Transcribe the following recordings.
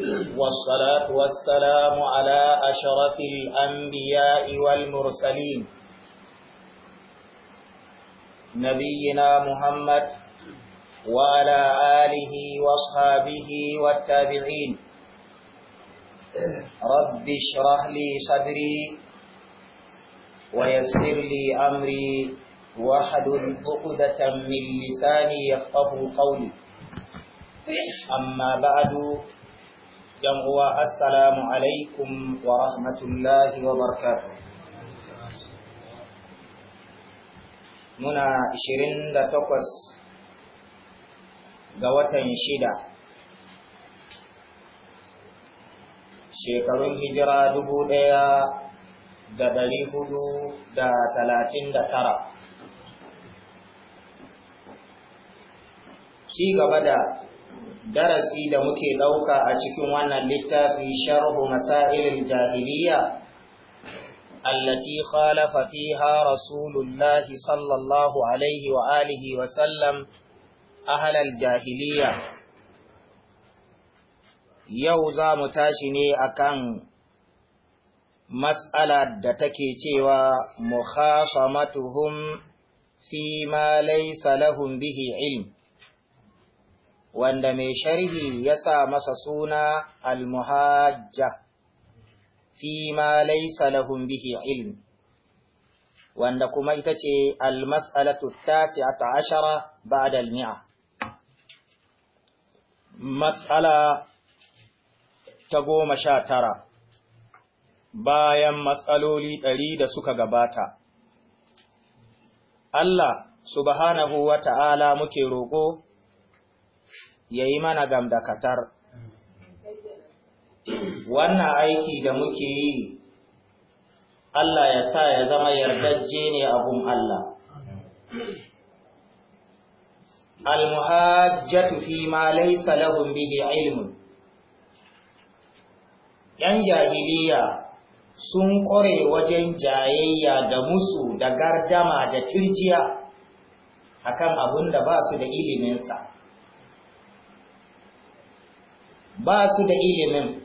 والصلاة والسلام على أشرف الأنبياء والمرسلين نبينا محمد وعلى آله واصحابه والتابعين رب اشرح لي صدري ويسر لي أمري وحد أقدة من لساني يفقه قولي أما بعد yan uwa assalamu alaikum wa rahmatullahi wa barakatuh muna 28 ga watan shida shekarun hijira dubu ɗaya da dari hudu da talatin da tara ci gaba da darasi da muke ɗauka a cikin wannan littafi sharhu masailin jahiliya allati khalafa fiha rasulullahi sallallahu alaihi wa alihi wa sallam ahlal jahiliya yau za mu tashi ne akan mas'ala da take cewa mukhasamatuhum fi ma laysa lahum bihi ilm wanda mai sharhi ya sa masa suna al-muhajja fi ma laisa lahum bihi ilm wanda kuma ita ce al-mas'alatu tasi'ata ashara ba'da al-mi'a mas'ala ta goma sha tara bayan matsaloli ɗari da suka gabata Allah subhanahu wa ta'ala muke roƙo ya yi mana gamdakatar. Wannan aiki da muke yi, Allah ya sa ya zama yardajje ne abun Allah. Almuhajjatu fi ma laysa lahum bihi ilmun. ‘Yan jahiliya sun ƙware wajen jayayya da musu da gardama da tirjiya akan abun da ba su da iliminsa. ba su da ilimin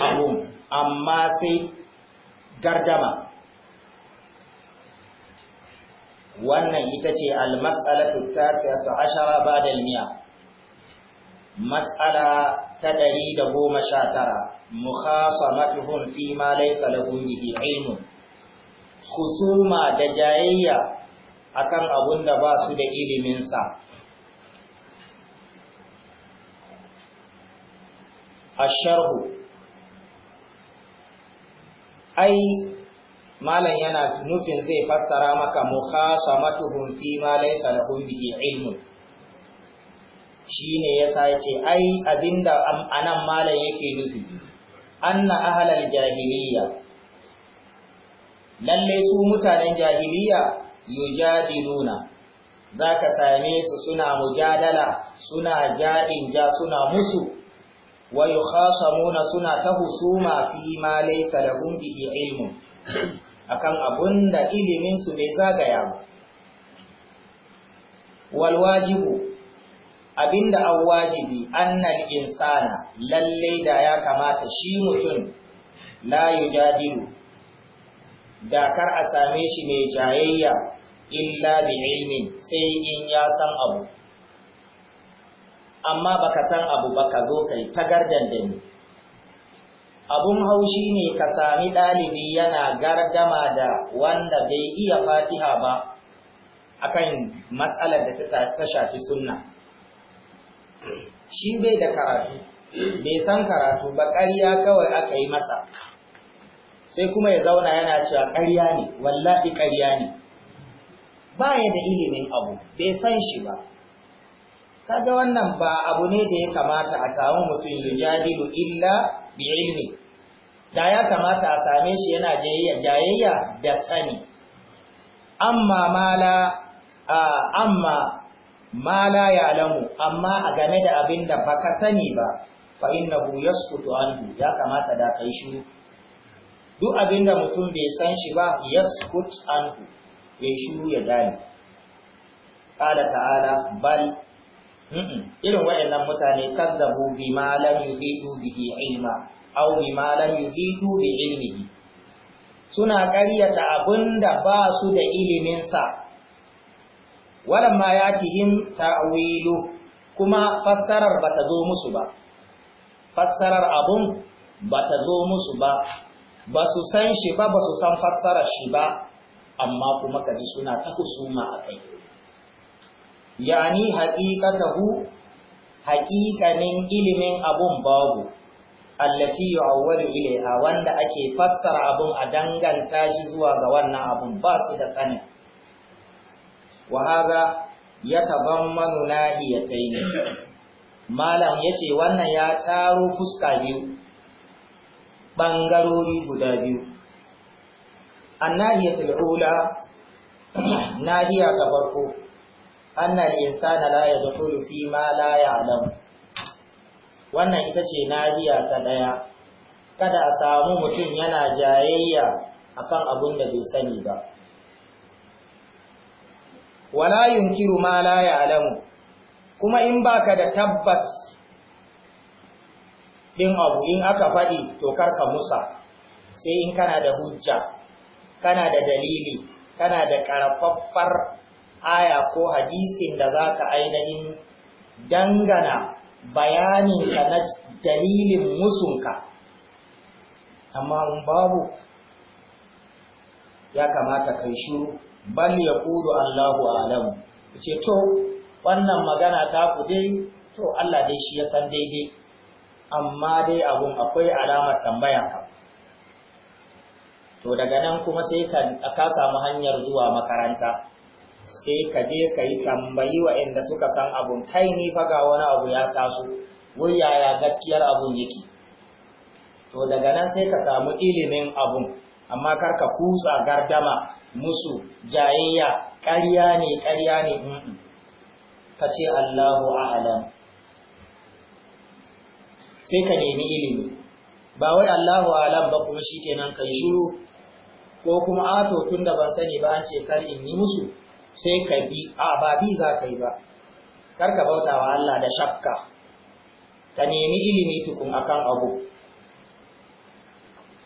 abun amma sai gardama wannan ita ce almas'alatu tasiyatu ashara ba da miya. Matsala ta ɗari da 119 mukhasamatuhum fi ma laysa lahum bihi ilmun da jayayya akan abun da ba su da iliminsa. sharhu. ai malam yana nufin zai fassara maka mukhasamatuhum fi ma laysa lahum bihi ilmun shine yasa yace ai abinda anan malam yake nufi anna ahlal jahiliya lalle su mutanen jahiliya yujadiluna zaka same su suna mujadala suna ja'in ja suna musu wa yukhasamuna suna ta husuma fi ma laysa lahum bihi ilmun akan abunda da iliminsu bai zagaya ba Walwajibu, abinda an wajibi annal insana lalle da ya kamata shi mutum la yujadilu da kar a same shi mai jayayya illa bi ilmin sai in ya san abu amma baka san abu ba ka zo kai ta gardan da ni abun haushi ne ka sami ɗalibi yana gargama da wanda bai iya fatiha ba akan matsalar da ta shafi sunna shi bai da karatu bai san karatu ba ƙarya kawai aka yi masa sai kuma ya zauna yana cewa ƙarya ne wallahi ƙarya ne ba ya da ilimin abu bai san shi ba kaga wannan ba abu ne da ya kamata a samu mutum ya jadilu illa bi ilmi da ya kamata a same shi yana jayayya jayayya da sani amma mala amma mala ya alamu amma a game da abin da baka sani ba fa innahu yasqutu anhu ya kamata da kai shi duk abin da mutum bai san shi ba yaskut anhu ya shiru ya gane qala ta'ala bal irin wa'annan mutane kadzabu ma lam yuhidu bihi ilma aw ma lam yuhidu bi ilmihi suna ƙaryata abinda ba su da ilimin sa walamma yatihim ta'wilu kuma fassarar bata zo musu ba fassarar abun bata zo musu ba ba su san shi ba ba su san fassarar shi ba amma kuma kaji suna ta a kai. yani haqiqatahu haqiqanin ilimin abun babu allati yu'awwalu ilaiha wanda ake fassara abun a danganta shi zuwa ga wannan abun ba su da sani wa hadha yatabammanu nahiyatayn malam yace wannan ya taro fuska biyu bangarori guda biyu annahiyatul ula nahiya ta farko annal insana la yadkhulu fi ma la ya'lam wannan ita ce nahiya ta daya kada a samu mutum yana jayayya akan abun da bai sani ba wala yunkiru ma la ya'lamu kuma in baka da tabbas din abu in aka faɗi to karka musa sai in kana da hujja kana da dalili kana da ƙarfaffar aya ko hadisin da za ka ainihin dangana bayaninka na dalilin musunka amma in babu ya kamata kai shiru bal ya kudu Allahu alam ce to wannan magana ta ku dai to Allah dai shi ya san daidai amma dai abun akwai alamar tambaya ka to daga nan kuma sai ka samu hanyar zuwa makaranta sai ka je ka yi tambayi inda suka san abun kai ni faga wani abu ya taso wai yaya gaskiyar abun yake to daga nan sai ka samu ilimin abun amma kar ka kusa gardama musu jayayya ƙarya ne ƙarya ne ka ce Allahu a'lam sai ka nemi ilimi ba wai Allahu a'lam ba kuma shikenan kai shiru ko kuma ato tunda ban sani ba an ce kar in yi musu sai ka bi a ba bi za ka yi ba kar ka bauta wa Allah da shakka ka nemi ilimi tukun akan abu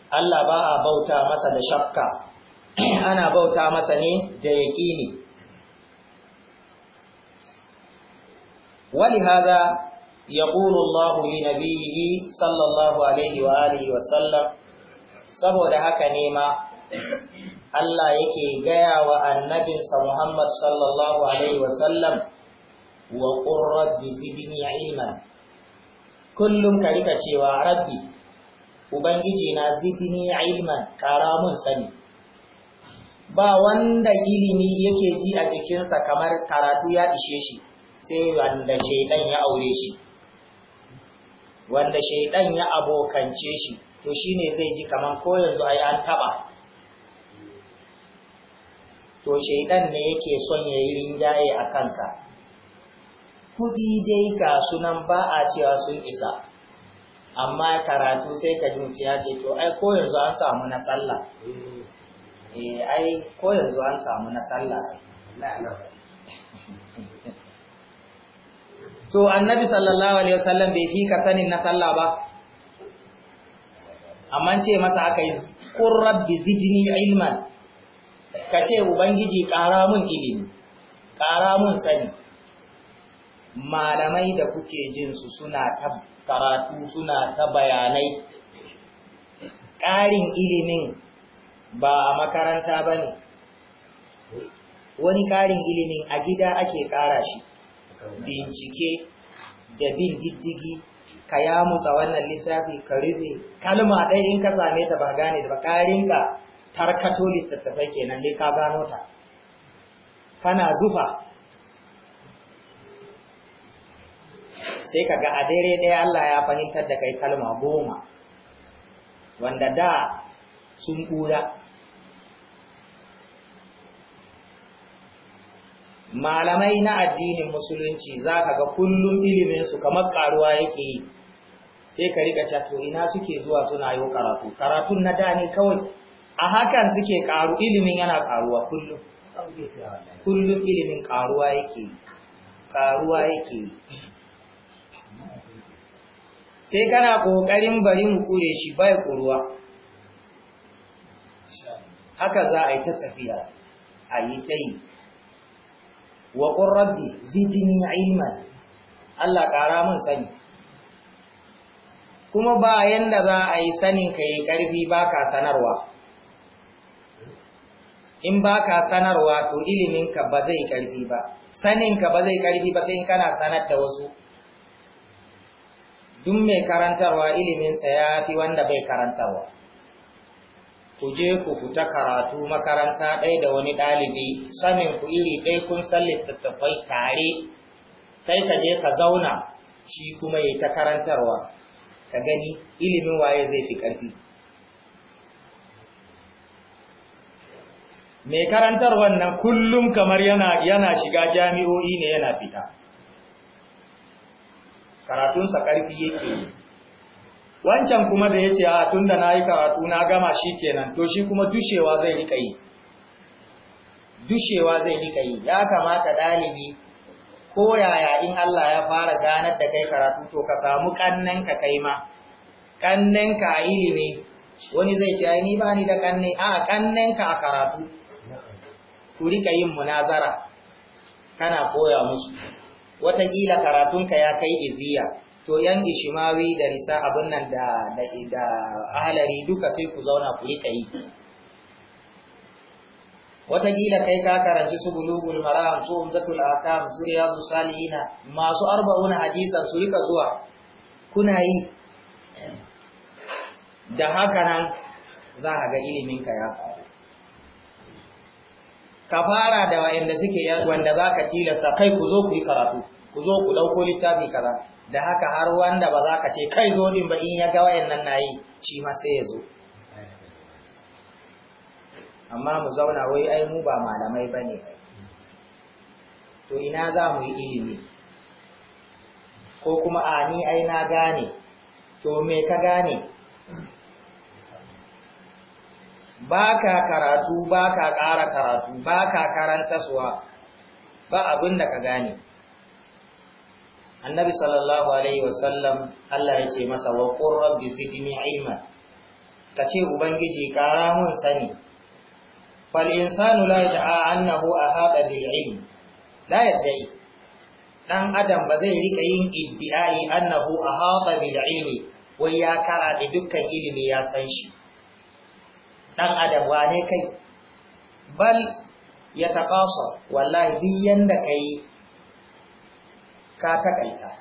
Allah ba a bauta masa da shakka ana bauta masa ne da yaƙini ولهذا يقول الله sallallahu alaihi الله عليه wa وسلم saboda haka ne ma Allah yake gaya wa annabinsa Muhammad sallallahu Alaihi wasallam wa rabbi zidni ilma. Kullum ka rika cewa rabbi, Ubangiji na zidni ilma ƙara mun sani. Ba wanda ilimi yake ji a jikinsa kamar karatu ya ishe shi, sai wanda shaidan ya aure shi, wanda shaidan ya abokance shi, to shine zai ji kamar ko yanzu ai an taɓa. to shaidan ne yake son ya yi rinjaye a kanka kudi dai ga sunan ba a cewa sun isa amma karatu sai ka ji ya ce to ai ko yanzu an samu na sallah eh ai ko yanzu an samu na sallah to annabi sallallahu alaihi wasallam bai fi ka sanin na sallah ba amma ce masa aka yi qur rabbi zidni ilman ka ce ubangiji ƙara mun ilimi ƙara mun sani malamai da kuke jinsu suna ta karatu suna ta bayanai ƙarin ilimin ba a makaranta ba ne wani ƙarin ilimin a gida ake ƙara shi bincike da bin diddigi ka ya wannan littafi ka rufe kalma ɗaya in ka same ta ba gane da ba ƙarinka karkato littattafai kenan ne ka gano ta kana zufa sai ka ga a daidai ɗaya Allah ya fahimtar da kai kalma goma wanda da sun ƙura malamai na addinin musulunci za ka ga kullum iliminsu kamar ƙaruwa yake yi sai ka riga cato ina suke zuwa suna yi karatu karatun na da ne kawai a hakan suke ƙaru ilimin yana ƙaruwa kullum kullum ilimin ƙaruwa yake ƙaruwa yake sai kana ƙoƙarin bari mu ƙure shi bai ƙuruwa haka za a yi ta tafiya a yi ta yi wa ƙurrabbi zidini ilman Allah ƙara mun sani kuma ba yanda za a yi sanin kai yi ƙarfi ba ka sanarwa in ba ka sanarwa to iliminka ba zai karfi ba saninka ba zai karfi ba sai kana sanar da wasu duk mai karantarwa iliminsa ya fi wanda bai karantarwa ku je ku fita karatu makaranta ɗaya da wani ɗalibi sanin ku iri ɗaya kun san littattafai tare kai ka je ka zauna shi kuma yi ta karantarwa ka gani ilimin waye zai fi ƙarfi mai karantar wannan kullum kamar yana yana shiga jami'o'i ne yana fita karatunsa ƙarfi yake wancan kuma da ya ce a tun da na yi karatu na gama shi kenan to shi kuma dushewa zai rika yi dushewa zai rika yi ya kamata ɗalibi ko yaya in Allah ya fara ganar da kai karatu to ka samu ka kai ma ƙannenka a ilimi wani zai ce ni ba ni da kanne a ƙannenka a karatu ku rika yin munazara kana koya musu wataƙila karatunka ya kai iziya to yan ishimawi da risa abin nan da da ahalari duka sai ku zauna ku rika yi wataƙila kai ka karanci su bulugul maram su umdatul akam su riyadu salihina masu arba'una hadisan su rika zuwa kuna yi da haka nan za a ga iliminka ya faru. ka fara da wayanda suke wanda za ka tilasta kai ku zo ku yi karatu ku zo ku ɗauko littafi kaza da haka har wanda ba za ka ce kai zo din ba in ya ga wayannan na yi shi ma sai ya zo amma mu zauna wai ai mu ba malamai ba to ina za mu yi ilimi ko kuma a ni ai na gane to me ka gane ba ka karatu ba ka ƙara karatu ba ka karantaswa ba abin da ka gane annabi sallallahu alaihi wasallam Allah ya ce masa wa ƙurrar zidni ilma ka ce ubangiji kara mun sani fal insanu la yad'a annahu ahada bil ilm la yad'i dan adam ba zai rika yin iddi'ai annahu ahata bil ilmi wai ya kara da dukkan ilimi ya san shi ɗan adam wane kai bal ya taƙasa wallahi duk yanda ka yi ka taƙaita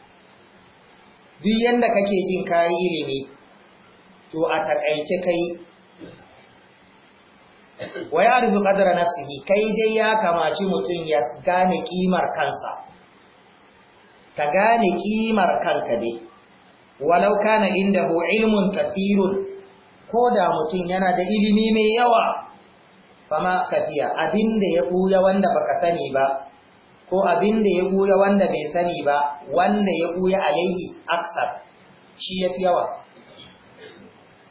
duk yanda kake jin yi ilimi to a taƙaice kai wa ya rubu ƙadara nafsihi kai dai ya kamaci mutum ya gane ƙimar kansa ka gane ƙimar kanka dai walau kana inda ilmun kafirun ko da mutum yana da ilimi mai yawa ma kafiya abin da ya ɓuya wanda baka sani ba ko abin da ya ɓuya wanda bai sani ba wanda ya ɓuya alaihi aksar shi ya fi yawa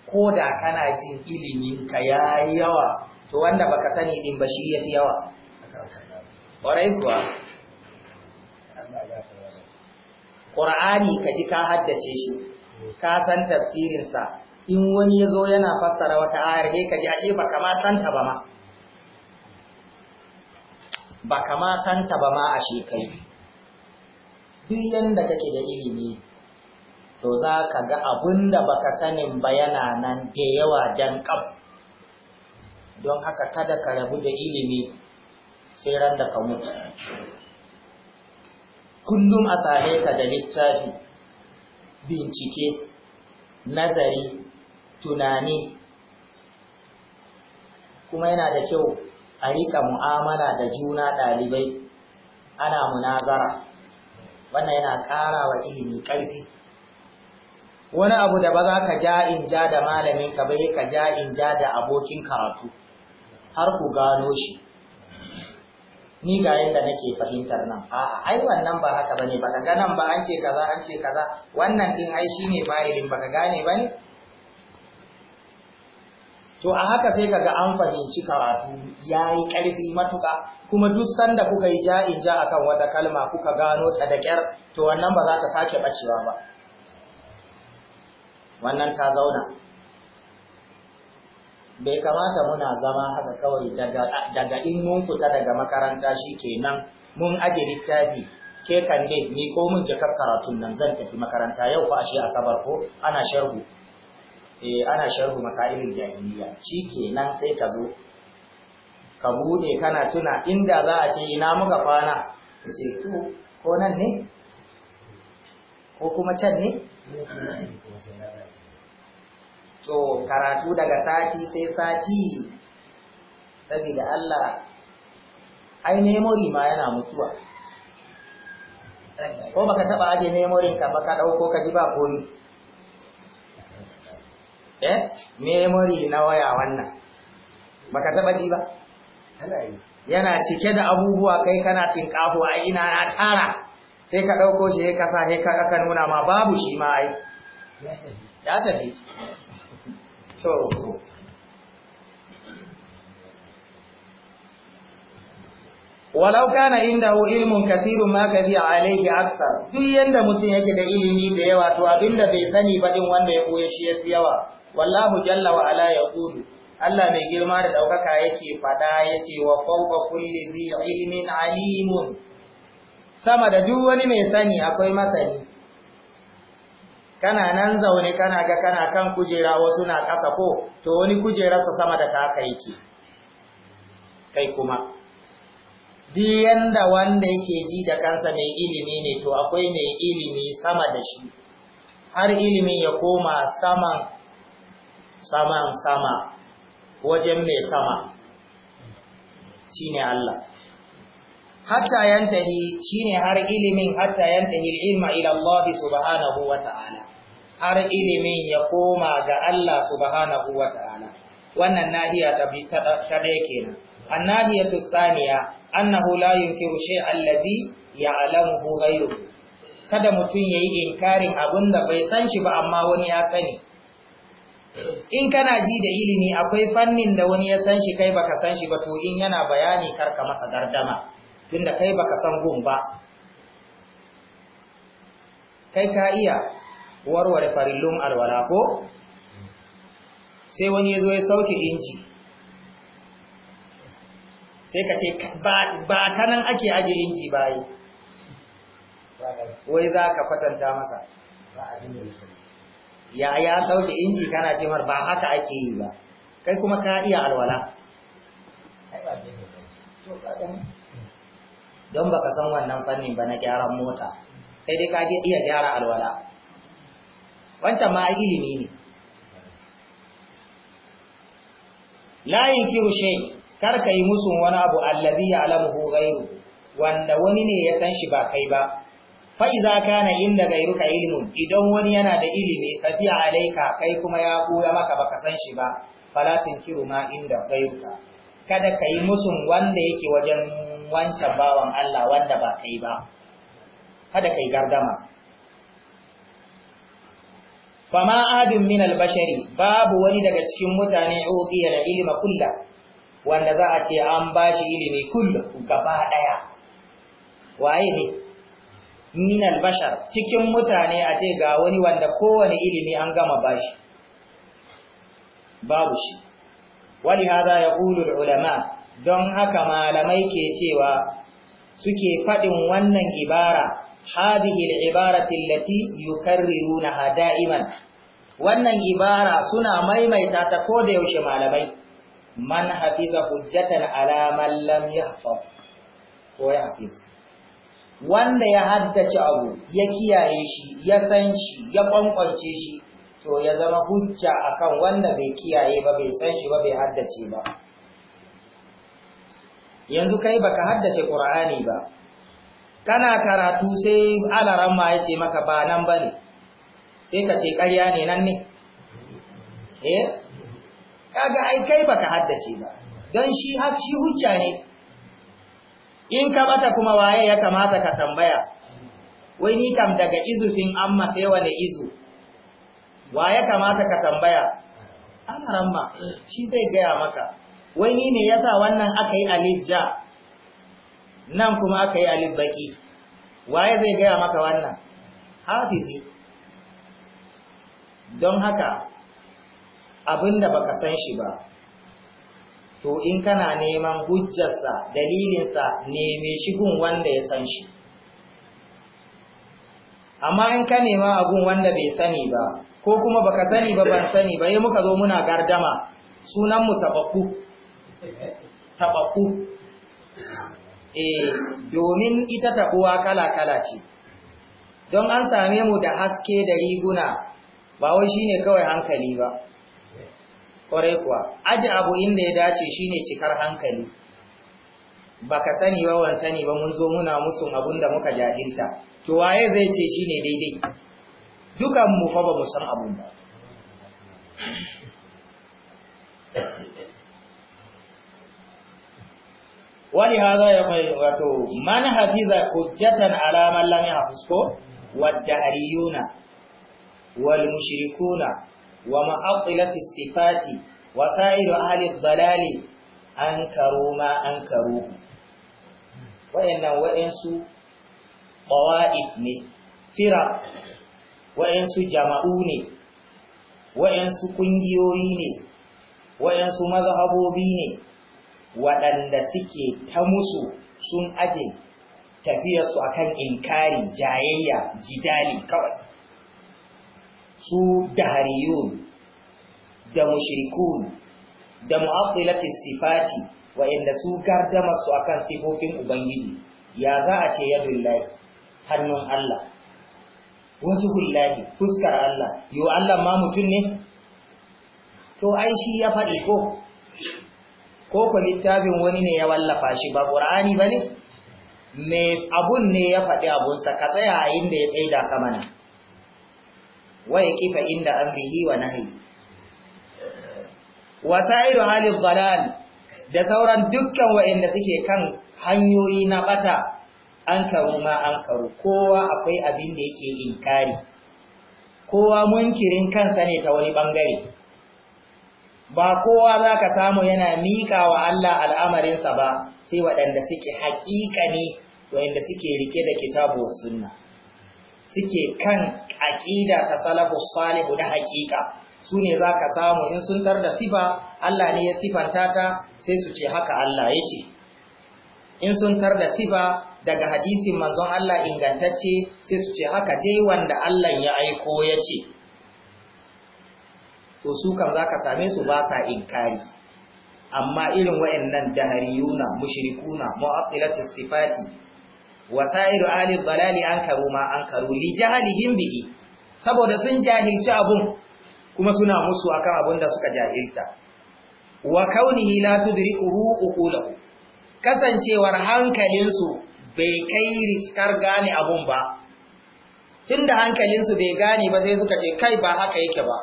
ko da kana jin iliminka ya yi yawa to wanda baka sani din ba shi ya fi yawa ƙwarai kuwa ƙura'ani ka ji ka haddace shi ka san tafsirinsa in wani ya zo yana fassara wata ayar sai ka ji ashe ba kama santa ba ma ba kama santa ba ma ashe kai duk yanda kake da ilimi to za ka ga abinda baka sanin ba yana nan da yawa dan kab don haka kada ka rabu da ilimi sai ran da ka mutu kullum a same ka da littafi bincike nazari tunani kuma yana da kyau a riƙa mu'amala da juna ɗalibai ana munazara wannan yana ƙara wa ilimi ƙarfi wani abu da ba za ka ja in ja da malamin ka bai ka ja in ja da abokin karatu har ku gano shi ni ga yadda nake fahimtar nan a ai wannan ba haka bane baka ga nan ba an ce kaza an ce kaza wannan din ai shine fa'ilin baka gane bane to a haka sai kaga an fahimci karatu yayi ƙarfi matuƙa kuma duk sanda kuka yi ja'in ja akan wata kalma kuka gano ta da ƙyar to wannan ba za ta sake ɓacewa ba wannan ta zauna bai kamata muna zama haka kawai daga daga in mun fita daga makaranta shi kenan mun aje littafi ke kan ni ko mun jakar karatun nan zan tafi makaranta yau fa ashe asabar ko ana sharhu eh ana sharhu masailin jahiliya kenan sai ka zo ka bude kana tuna inda za a ce ina muka kwana ce to ko nan ne ko kuma can ne to karatu daga sati sai sati saboda Allah ai memory ma yana mutuwa ko baka taba aje memory ka baka dauko ka ji ba ni? eh memory na waya wannan baka taba ji ba yana cike da abubuwa kai kana kafo ai ina na tara sai ka dauko shi ka sa sai ka aka nuna ma babu shi ma ai ya tafi to walau kana indahu ilmun kaseerun ma kafi alaihi aksar duk yanda mutum yake da ilimi da yawa to abinda bai sani ba din wanda ya koye shi yawa wallahu jalla wa ala yaqulu Allah mai girma da ɗaukaka yake fada yake wa fawqa kulli dhi ilmin alimun sama da duk wani mai sani akwai masani kana nan zaune kana ga kana kan kujera wasu na ƙasa ko to wani kujerarsa sama da taka yake kai kuma diyan da wanda yake ji da kansa mai ilimi ne to akwai mai ilimi sama da shi har ilimin ya koma sama. saman sama wajen mai sama shine Allah hatta yantahi shine har ilimin hatta yantahi ilma ila Allah subhanahu wa ta'ala har ilimin ya koma ga Allah subhanahu wa ta'ala wannan nahiya ta bi ta dai kenan annahiyatu tsaniya annahu la yunkiru shay'an allazi ya'lamuhu ghayruhu kada mutum yayi inkarin abinda bai san shi ba amma wani ya sani in kana ji da ilimi akwai fannin da wani ya san shi kai baka san shi ba to in yana bayani karka masa gardama tunda kai baka san gun ba kai ka iya warware farillun alwala ko sai wani ya zo ya sauke inji sai ka ce ba ta nan ake aje inji bayi wai za ka kwatanta masa ya ya sauke inji kana ce mar ba haka ake yi ba kai kuma ka iya alwala don ba ka san wannan fannin ba na gyaran mota sai dai ka iya gyara alwala wancan ma ilimi ne layin kirushe kar ka yi musu wani abu allazi ya alamuhu gairu wanda wani ne ya san shi ba kai ba fa'iza kana inda gairuka ilimin idan wani yana da ilimi ka fi alaika kai kuma ya koya maka baka san shi ba falatin kiru ma inda gairuka kada ka yi musun wanda yake wajen wancan bawan Allah wanda ba kai ba kada ka yi gardama fama adin min albashari babu wani daga cikin mutane uqiya da ilima kullu wanda za a ce an bashi ilimi kullu gaba daya waye ne minal bashar cikin mutane a ce ga wani wanda kowane ilimi an gama bashi babu shi Wani hada ya ƙulul ulama don haka malamai ke cewa suke faɗin wannan ibara هذه العبارة التي na hada'iman wannan ibara suna maimaita ta ko da yaushe malamai man hafiza hujjatan ala man lam ko ya hafiz wanda ya haddace abu ya kiyaye shi ya san shi ya kwankwance shi to ya zama hujja akan wanda bai kiyaye ba bai san shi ba bai haddace ba yanzu kai baka haddace qur'ani ba kana karatu sai alaran ma yace maka ba nan bane sai ka ce ƙarya ne nan ne eh kaga ai kai baka haddace ba don shi shi hujja ne in ka bata kuma waye ya kamata ka tambaya wai ni kam daga izufin amma sai wane izu waye kamata ka tambaya ana ramma shi zai gaya maka wai ni ne yasa wannan aka yi alijja, ja nan kuma aka yi alif baki waye zai gaya maka wannan hafizi don haka abinda baka san shi ba to in kana neman hujjarsa dalilinsa neme shigun wanda ya san shi amma in ka nema abun wanda bai sani ba ko kuma baka sani ba ban sani ba yi eh muka zo muna gardama sunanmu tabakku tabakku eh domin ita taɓuwa kala-kala ce don an same mu da haske da riguna ba wai shine kawai hankali ba kwarai kuwa aji abu inda ya dace shine cikar hankali baka sani ba wan sani ba mun zo muna musu abun da muka jahilta to waye zai ce shine daidai dukan mu fa ba mu san abun ba wani haza ya kai wato man hafiza hujjatan ala man lam yahfuz ko wad dahriyuna wal mushrikuna ومعطلة الصفات وسائر أهل الضلال أنكروا ما أنكروه وإن وإنسوا طوائف فرق وإنسوا جمعون وإنسوا كنجيوين وإنسوا مذهبوبين waɗanda suke ta musu sun aje tafiyarsu akan inkarin jayayya jidali su dahariyun da mushrikun da mu'attilati sifati wa'inda su gardama su akan sifofin ubangiji ya za a ce yadullahi hannun Allah wajhullahi fuskar Allah yo Allah ma mutun ne to ai shi ya faɗi ko ko ko littafin wani ne ya wallafa shi ba qur'ani bane me abun ne ya faɗi sa? ka tsaya a inda ya tsaida ka mana wa kifa inda amrihi wa nahyi wa sa'iru halil dalal da sauran dukkan wa'anda suke kan hanyoyi na bata an karu ma an karu kowa akwai abin da yake inkari kowa munkirin kansa ne ta wani bangare ba kowa zaka samu yana miƙa wa Allah al'amarinsa ba sai waɗanda suke haƙiƙa ne waɗanda suke rike da kitabu wa sunna suke kan aƙida ta salafus salihu na haƙiƙa su ne za ka samu in sun tar da sifa Allah ne ya sifanta ta sai su ce haka Allah ya ce in sun tar da sifa daga hadisin manzon Allah ingantacce sai su ce haka dai wanda Allah ya aiko ya ce to su kan za ka same su ba sa inkari amma irin wa'annan dahariyuna mushrikuna mu'attilatis sifati wasairu ahli dhalali ankaru ma ankaru li jahlihim bihi saboda sun jahilci abun kuma suna musu akan abun da suka jahilta wa kaunihi la tudrikuhu uqulahu kasancewar su bai kai riskar gane abun ba tunda hankalinsu bai gane ba sai suka ce kai ba haka yake ba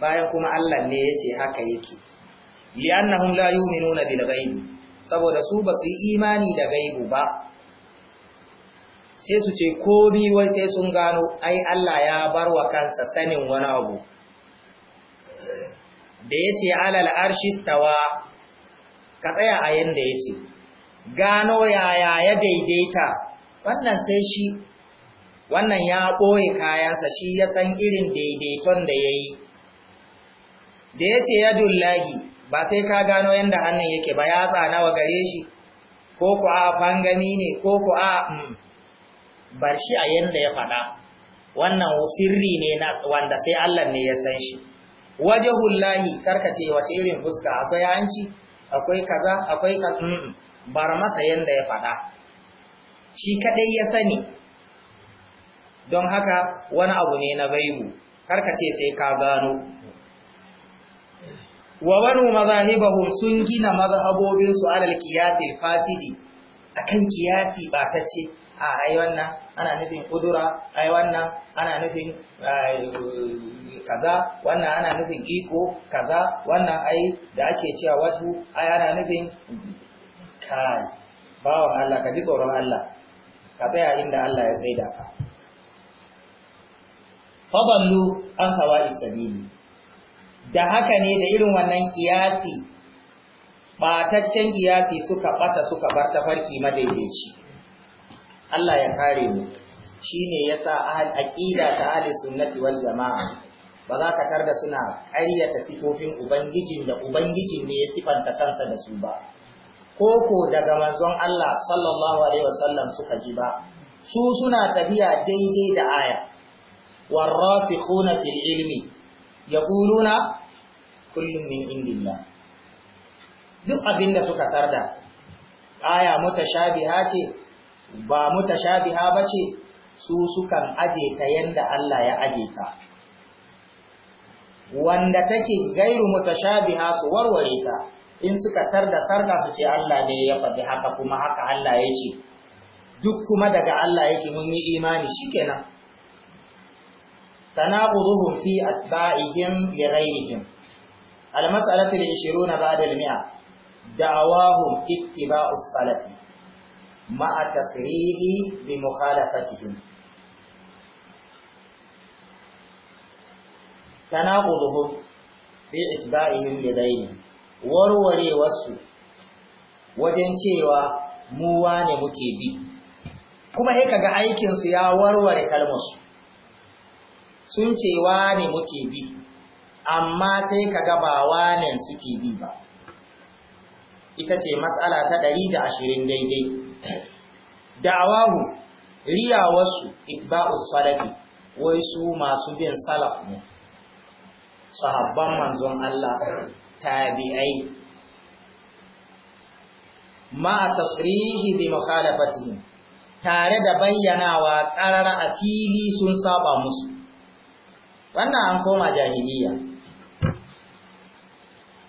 bayan kuma Allah ne yace haka yake li'annahum la yu'minuna bil ghaibi saboda su ba su yi imani da gaibu ba sai su ce ko wai sai sun gano ai Allah ya bar wa kansa sanin wani abu da ya ce alal arshistawa ka tsaya a yanda ya ce gano yaya ya daidaita wannan sai shi wannan ya ɓoye kayansa shi ya san irin daidaiton da ya yi da ya ce yadullahi ba sai ka gano yadda hannun yake ba ya tsana wa gare shi ko ku a fangami ne ko ku a hmm. bar shi a yanda ya faɗa wannan sirri ne na wanda sai Allah ne ya san shi wajhullahi karkace wace irin fuska akwai hanci akwai kaza akwai kaza mm, mm, bar masa yanda ya faɗa shi kadai ya sani don haka wani abu ne na gaibu karkace sai ka gano wa banu mazahibahum sun gina su alal qiyasil fasidi akan qiyasi ce. a ai wannan ana nufin kudura ai wannan ana nufin kaza wannan ana nufin iko kaza wannan ai da ake cewa wasu ai ana nufin kai bawan Allah ka ji tsoron Allah ka tsaya inda Allah ya tsaida ka faballu an hawa isabili da haka ne da irin wannan kiyasi ɓataccen kiyasi suka ɓata suka bar ta farki madaidaici Allah ya kare mu shine yasa ahal aqida ta ahli sunnati wal jamaa ba za ka tarda suna ƙaryata sifofin ubangijin da ubangijin ne ya sifanta kansa da su ba koko daga manzon Allah sallallahu alaihi wasallam suka ji ba su suna tafiya daidai da aya warasikhuna fil ilmi yaquluna kullum min indillah duk abinda suka tarda aya mutashabiha ce ba ba bace su sukan aje ta yanda Allah ya aje ta wanda take gairu shabiha su warware ta in suka tarda sarka su ce Allah ne ya faɗi haka kuma haka Allah ya ce duk kuma daga Allah yake mun yi imani shikenan tanaquduhum fi atba'ihim li ghayrihim al-mas'alatu 20 ba'da al-mi'a da'awahum ittiba'us salafi مع tasrihi bi تناقضهم في fi itba'ihim وروري ghayri وجن wajen cewa mu wane muke bi kuma kaga aikin su ya warware kalmus sun ce wane muke bi amma sai kaga ba wane suke bi ba ita ce matsala ta 120 daidai da'awahu wasu itba'u salafi wai su masu bin salaf ne sahabban manzon Allah tabi'ai ma tasrihi bi mukhalafatihi tare da bayyanawa ƙarar a fili sun saba musu wannan an koma jahiliya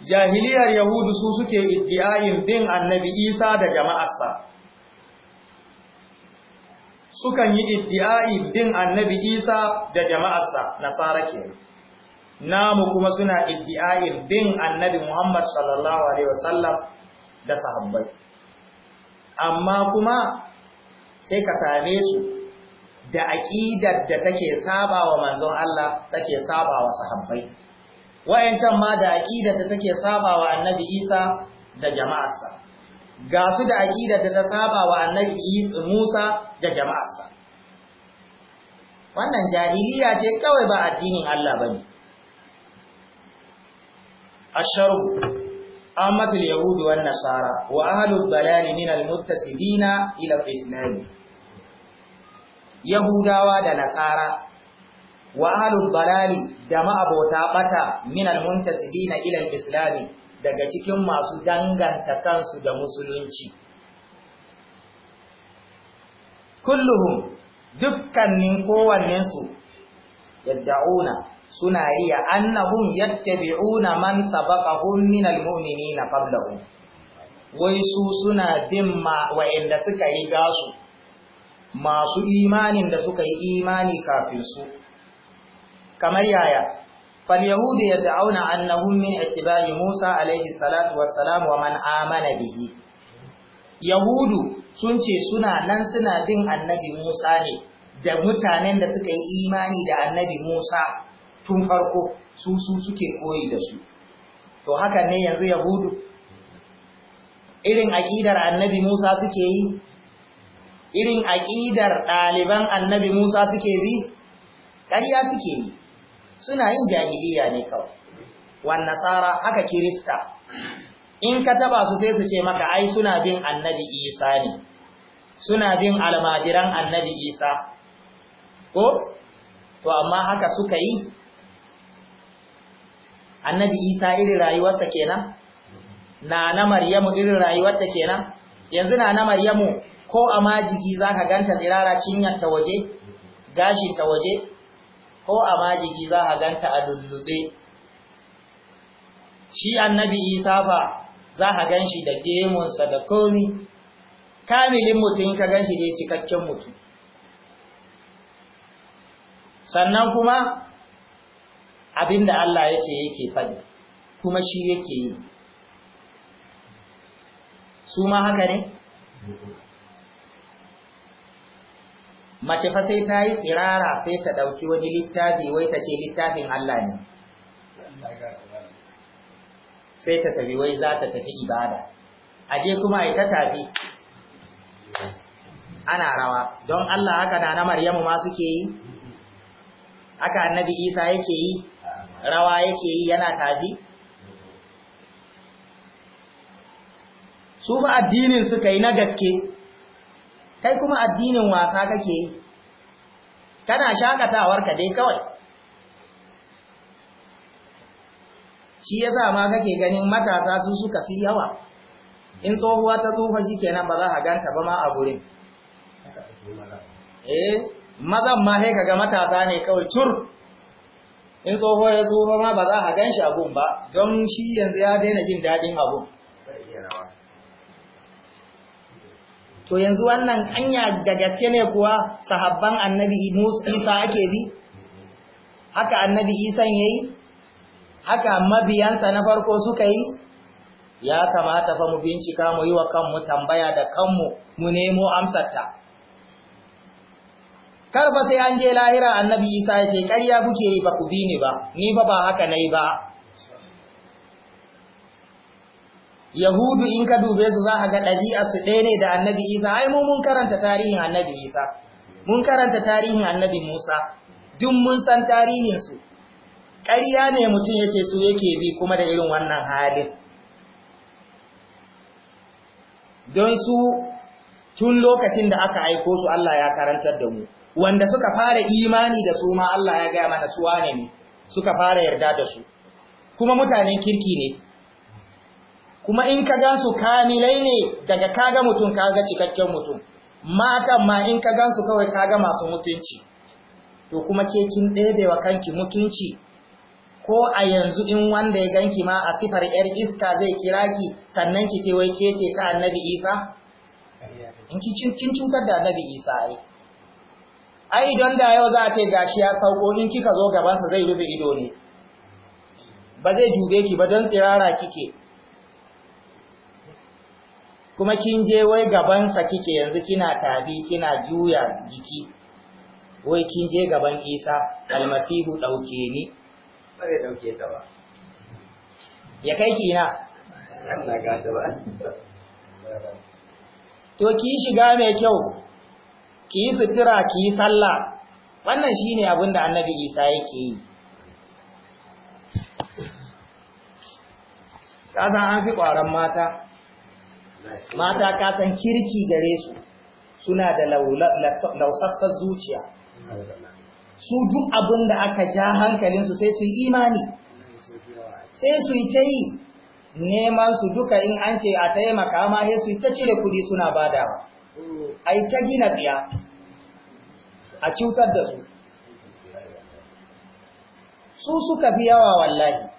jahiliyar yahudu su suke iddiayin bin annabi isa da jama'arsa sukan yi iddi'ai bin annabi isa da jama'arsa nasara ke namu kuma suna iddi'ai bin annabi muhammad sallallahu alaihi wasallam da sahabbai amma kuma sai ka same su da aƙidar da take saba manzon Allah take saba wa sahabbai wayancan ma da aƙidar da take sabawa annabi isa da jama'arsa ga su da aƙida da ta saba wa annabi Musa da jama'arsa wannan jahiliya ce kawai ba addinin Allah bane asharu amatul yahud wan nasara wa ahlul balal min al muttasibina ila islam yahudawa da nasara wa ahlul balal da ma'abota bata min al muttasibina ila islam daga cikin masu danganta kansu da musulunci Kullum, dukkanin kowannensu yadda'una suna riya annahum yattabi'una man sabaqahum minal mu'minina qablahum wai su suna bin ma wa'inda suka yi gasu? masu imanin da suka yi imani kafin su kamar yaya فاليهود يدعون أنهم من اتباع موسى عليه الصلاة والسلام ومن آمن به يهود سنتي سنة نن سنة بين النبي موسى da mutanen da suka yi imani da annabi Musa tun farko su su suke koyi da su to haka ne yanzu yahudu irin aƙidar annabi Musa suke yi irin aƙidar ɗaliban annabi Musa suke bi ƙarya suke yi suna yin jahiliya ne kawai wan nasara haka kirista in ka taba su sai su ce maka ai suna bin annabi isa ne suna bin almajiran annabi isa ko to amma haka suka yi annabi isa irin rayuwarsa kenan na na maryamu irin rayuwarta kenan yanzu na na maryamu ko a majigi zaka ganta tsirara cinyar ta waje gashi ta waje ko amajigi za a ganta a lullube shi annabi isa fa za a gan shi da demonsa da komi kamilin mutum ka gan shi dai cikakken mutum sannan kuma abinda allah ya ce yake faɗi kuma shi yake yi su ma haka ne mace fa sai ta yi tsirara sai ta ɗauki wani littafi wai ta ce littafin Allah ne sai ta tafi wai za ta tafi ibada aje kuma ai ta tafi ana rawa don Allah haka da na Maryamu ma suke yi haka annabi Isa yake yi rawa yake yi yana tafi su ba addinin suka yi na gaske kai kuma addinin wasa kake kana shakatawar ka dai kawai shi yasa ma kake ganin matasa su suka fi yawa in tsohuwa ta tsufa shikenan ba za a ganta ba ma a gurin eh mazan ma sai kaga matasa ne kawai cur in tsohuwa ya tsufa ma ba za a gan shi abun ba don shi yanzu ya daina jin daɗin abun to yanzu wannan anya da gaske ne kuwa sahabban annabi Isa ake bi haka annabi Isa yayi haka mabiyansa na farko suka yi ya kamata fa mu bincika mu yi wa kanmu tambaya da kanmu mu nemo amsarta kar ba sai an je lahira annabi Isa ya ce ƙarya kuke yi ba ku bi ni ba ni fa ba haka nayi ba yahudu in ka dube su za a ga ɗabi'a su ɗaya ne da annabi isa ai mu mun karanta tarihin annabi isa mun karanta tarihin annabi musa duk mun san tarihinsu ƙarya ne mutum ya ce su yake bi kuma da irin wannan halin don su tun lokacin da aka aiko su Allah ya karantar da mu wanda suka fara imani da su ma Allah ya gaya mana suwa ne suka fara yarda da su kuma mutanen kirki ne kuma in ka gansu kamilai ne daga kaga mutum kaga cikakken mutum matan ma in ka gansu kawai kaga masu mutunci to kuma ke kin ɗebewa kanki mutunci ko a yanzu in wanda ya ganki ma a sifar yar iska zai kira ki sannan ki ce wai ke ce ta annabi isa in kin cutar da annabi isa ai ai don da yau za a ce gashi ya sauko in kika zo gabansa zai rufe ido ne ba zai dube ki ba don tsirara kike kuma kin je wai gabansa kike yanzu kina tabi kina juya jiki wai kin je gaban isa almasihu ɗauke ni bare ɗauke ta ba ya kai ki na to ki shiga mai kyau ki yi sutura ki yi sallah wannan shine abin da annabi isa yake yi kasan an fi ƙwaron mata mata ka san kirki gare su suna da lausaffar zuciya su duk abin da aka ja hankalinsu sai su yi imani sai su yi ta yi neman su duka in an ce a taimaka ma sai su ta cire kudi suna badawa a yi ta gina biya a cutar da su su suka fi yawa wallahi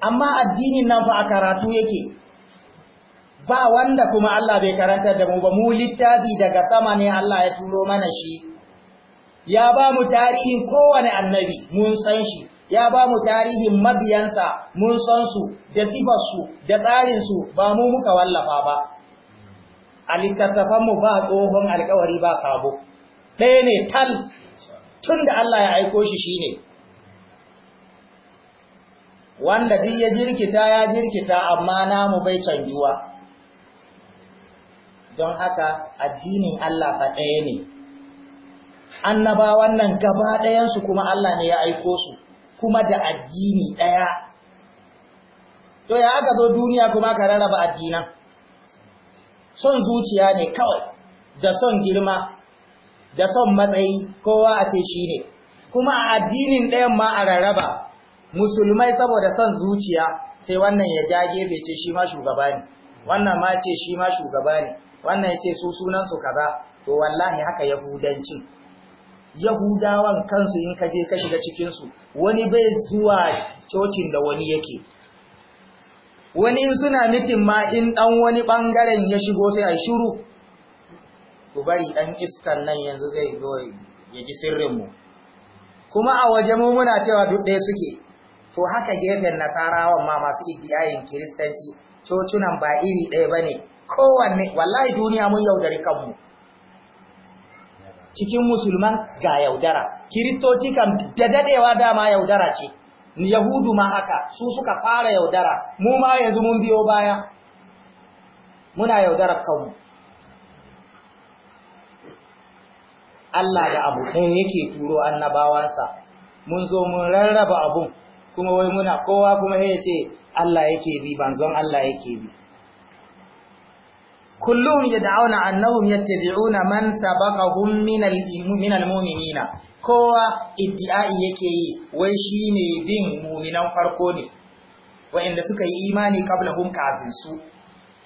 amma addinin nan fa a karatu yake ba wanda kuma Allah bai karanta da mu ba mu littafi daga sama ne Allah ya turo mana shi ya ba mu tarihin kowane annabi mun san shi ya ba mu tarihin mabiyansa mun san su da su da tsarin su ba mu muka wallafa ba a littattafanmu ba tsohon alkawari ba sabo ɗaya ne tal tun da Allah ya aiko shi shi ne wanda duk ya jirkita ya jirkita amma namu bai canjuwa don haka addinin Allah fa ɗaya ne Annaba wannan gaba ɗayansu kuma Allah ne ya aiko su kuma da addini ɗaya to ya aka zo duniya kuma ka rarraba addinan son zuciya ne kawai da son girma da son matsayi kowa a ce shi ne kuma a addinin ɗayan ma a rarraba musulmai saboda son zuciya sai wannan ya ja gefe ce shi ma shugaba ne wannan ma ce shi ma shugaba ne wannan ya ce su sunansu kaza to wallahi haka yahudancin yahudawan kansu in ka je ka shiga cikinsu wani bai zuwa cocin da wani yake wani in suna mitin ma in ɗan wani ɓangaren ya shigo sai a shiru ku bari ɗan iskan nan yanzu zai zo ya ji sirrinmu kuma a waje mu muna cewa duk ɗaya suke to haka gefen nasarawan ma masu iddiyayin kiristanci cocunan ba iri ɗaya ba ne kowanne wallahi duniya mun yaudari kanmu cikin musulman ga yaudara kiristoci kan da dadewa dama yaudara ce yahudu ma haka su suka fara yaudara mu ma yanzu mun biyo baya muna yaudara kanmu Allah da abu ɗaya yake turo annabawansa mun zo mun rarraba abun kuma wai muna kowa kuma ya ce Allah yake bi banzon Allah yake bi kullum ya da'auna annahum yattabi'una man sabaqahum min al-mu'minin kowa iddi'ai yake yi wai shi ne bin mu'minan farko ne wa'inda suka yi imani qablahum kafin su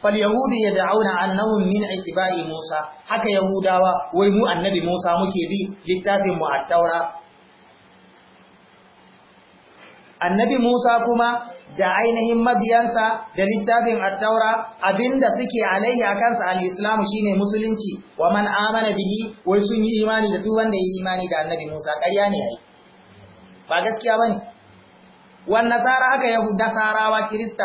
fal ya yad'auna annahum min ittiba'i musa haka yahudawa wai mu annabi musa muke bi littafin mu at-taura annabi musa kuma da ainihin mabiyansa da littafin attaura abinda suke alaihi a kansa al'islamu shine musulunci wa man amana bihi wai sun yi imani da tuban wanda yi imani da annabi musa ƙarya ne yi, ba gaskiya ba ne wan nasara aka yahuda sarawa kirista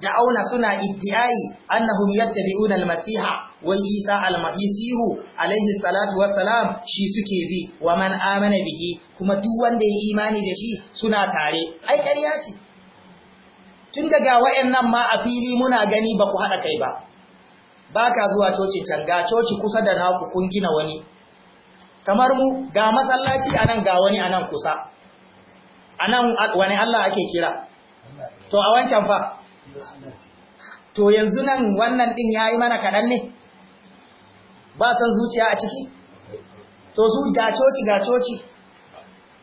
da'auna suna iddiai annahum yattabi'una al-masiha Wai isa al-mahisihu alaihi salatu wassalam shi suke bi wa man amana bihi kuma duk wanda ya imani da shi suna tare ai ƙarya ce tun daga nan ma a fili muna gani ba ku haɗa kai ba ba ka zuwa coci can ga coci kusa da naku kun gina wani kamar mu ga masallaci a nan ga wani a nan kusa a nan wani Allah ake kira to a wancan fa to yanzu nan wannan ɗin ya yi mana kaɗan ne ba san zuciya a ciki to su ga coci ga coci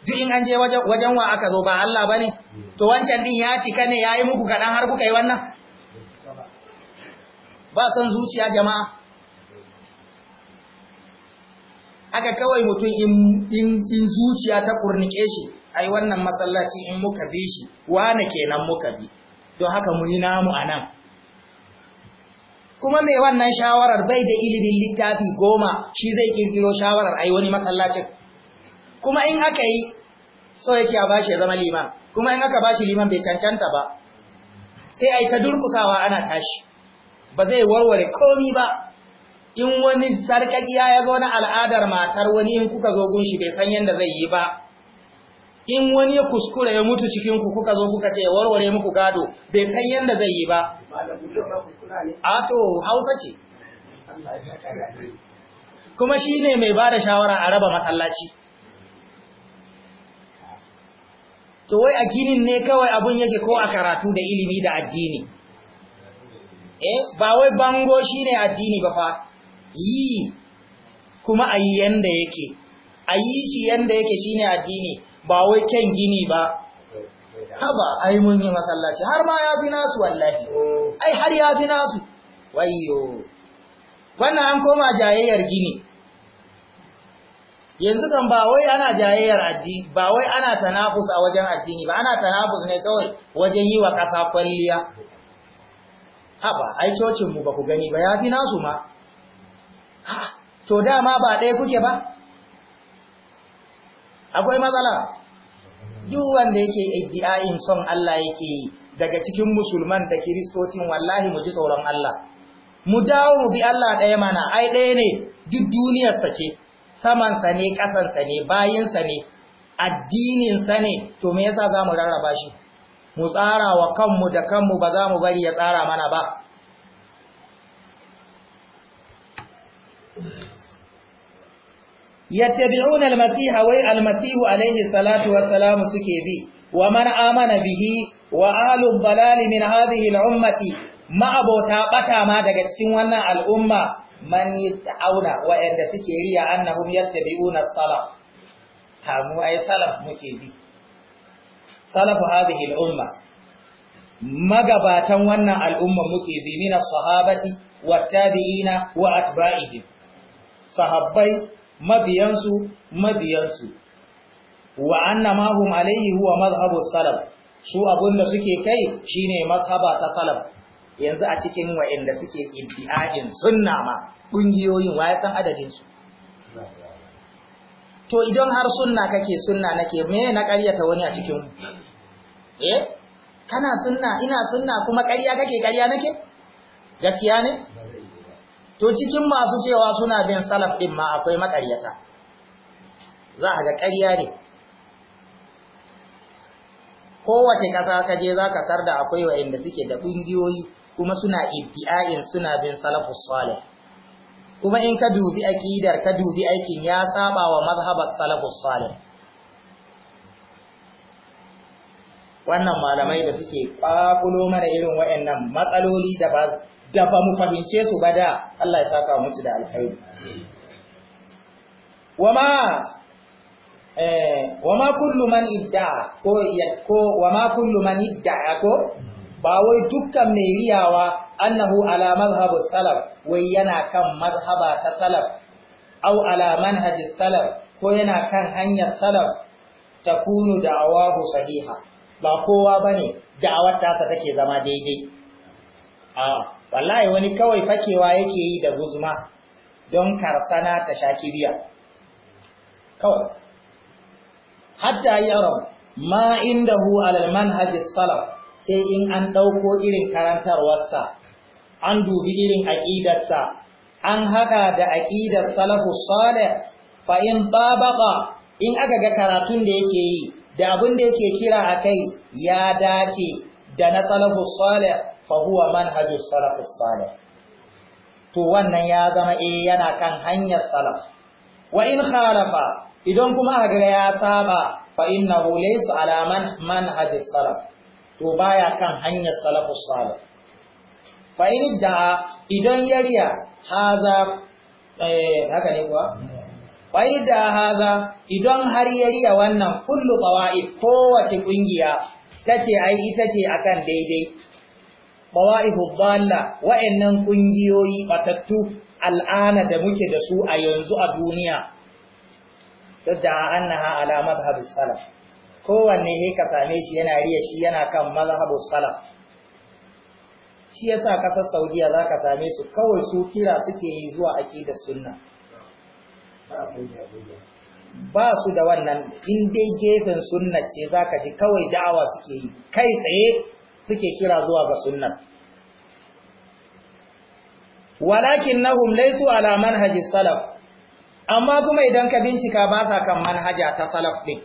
duk in an je wajen wa aka zo ba Allah ba ne to wancan din ya cika ne yayi muku kaɗan har kuka yi wannan ba san zuciya jama'a aka kawai mutum in zuciya ta kurnike shi ai wannan masallaci in muka bi shi wane kenan muka bi don haka mu yi namu anan. kuma mai wannan shawarar bai da ilimin littafi goma shi zai ƙirƙiro shawarar ai wani masallacin kuma in aka yi so yake a bashi ya zama liman kuma in aka bashi liman bai cancanta ba sai ai ta durkusawa ana tashi ba zai warware komi ba in wani sarkakiya ya zo na al'adar matar wani in kuka zo gunshi bai san yadda zai yi ba in wani ya kuskura ya mutu cikin ku kuka zo kuka ce warware muku gado bai san yadda zai yi ba a to hausa ce kuma shi ne mai ba da shawara a raba masallaci to wai a ginin ne kawai abun yake ko a karatu da ilimi da addini eh ba wai bango shine addini ba fa yi kuma ayi yanda yake ayi shi yanda yake shine addini ba wai kyan gini ba haba ai mun yi masallaci har ma ya fi nasu wallahi ai har ya fi nasu wayyo wannan an koma jayayyar gini yanzu kan ba wai ana jayayyar addini ba wai ana tanafus a wajen addini ba ana tanafus ne kawai wajen yi wa ƙasa kwalliya haba ai cocinmu ba ku gani ba ya fi nasu ma to dama ba ɗaya kuke ba akwai matsala duk wanda yake iddiayin son Allah yake yi daga cikin musulman da kiristocin wallahi mu ji tsoron Allah mu dawo mu bi Allah ɗaya mana ai ɗaya ne duk duniyarsa ce samansa ne ƙasansa ne bayinsa ne addininsa ne to me yasa za mu rarraba shi mu tsara wa kanmu da kanmu ba za mu bari ya tsara mana ba yattabi'una al-masiha wai Almasihu masihu salatu wassalamu suke bi wa man mana bihi wa ahlu dhalali min hadhihi al-ummati ma daga cikin wannan al'umma man yata'auna wa'anda suke riya annahum yattabi'una salaf kamu ai salaf muke bi salafu hadhihi al-umma magabatan wannan al'umma muke bi min as-sahabati wat wa atba'ihim sahabbai mabiyansu mabiyansu wa annama hum alayhi huwa madhhabu salaf su abunda suke kai shine mazhaba ta salaf yanzu a cikin wa'inda suke ibti'a'in sunna ma ƙungiyoyin wa ya san adadinsu to idan har sunna kake sunna nake me na ta wani a cikin eh kana sunna ina sunna kuma ƙarya kake ƙarya nake gaskiya ne to cikin masu cewa suna bin salaf din ma akwai maƙaryata za a ga ƙarya ne kowace ƙasa ka je za ka tarda akwai wa'inda suke da ƙungiyoyi kuma suna iddiayin suna bin Salafu salih kuma in ka dubi aqidar ka dubi aikin ya saba wa mazhabar Salafu salih wannan malamai da suke kwakulo mana irin waɗannan matsaloli da ba da mu fahimce su ba da Allah ya saka musu da alkhairi wama eh wama kullu man idda ko ko wama kullu man idda ko ba wai dukkan mai riyawa annahu ala mazhabu salaf wai yana kan mazhaba ta salaf au ala manhaji salaf ko yana kan hanyar salaf takunu da'awahu sahiha ba kowa bane da'awar ta take zama daidai a wallahi wani kawai fakewa yake yi da guzma don karsana ta shaki biya kawai hatta yaram ma indahu alal manhaji salaf sai in an ɗauko irin karantarwarsa, an dubi irin aƙidarsa, an haɗa da aƙidar salafu salih fa'in babaka in aka ga karatun da yake yi, da abin da yake kira a kai ya dace da na salafu salih fahuwa manhajus salafu salih. To wannan ya zama eh yana kan hanyar salaf. Wa in khalafa idan kuma aka ya saba fa innahu laysa ala manhajis salaf. to baya kan hanyar salafus salih fa in da idan yariya haza eh haka ne kuwa fa in da haza idan har yariya wannan kullu ko kowace kungiya tace ai ita ce akan daidai qawaidu dalla wa'annan kungiyoyi batattu al'ana da muke da su a yanzu a duniya tadda annaha ala madhhabis salaf kowanne ne ka same shi yana riya shi yana kan mazhabu salaf shi yasa kasar saudiya za ka same su kawai su kira suke yi zuwa aqidar sunna ba su da wannan in dai gefen sunna ce za ka ji kawai da'awa suke yi kai tsaye suke kira zuwa ga sunna walakin nahum laysu ala manhaji salaf amma kuma idan ka bincika ba sa kan manhaja ta salaf din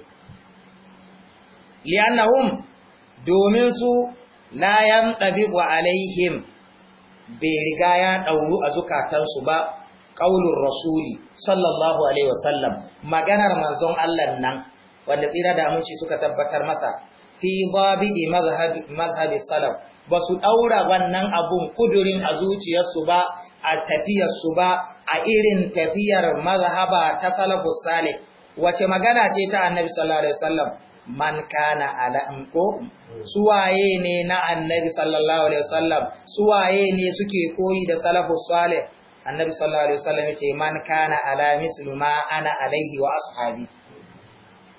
li'annahum domin su la yamtabiqu alaihim bai riga ya dauru a zukatansu ba qaulur rasuli sallallahu alaihi wasallam maganar manzon Allah nan wanda tsira da aminci suka tabbatar masa fi dhabidi mazhabi mazhabi salaf ba su daura wannan abun kudurin a zuciyarsu ba a tafiyarsu ba a irin tafiyar mazhaba ta salafus salih wace magana ce ta annabi sallallahu alaihi wasallam man kana ala um, ko suwaye ne na annabi sallallahu alaihi wasallam suwaye ne suke koyi da salafu salih annabi sallallahu alaihi wasallam yace man kana ala mislu ma ana alaihi wa ashabi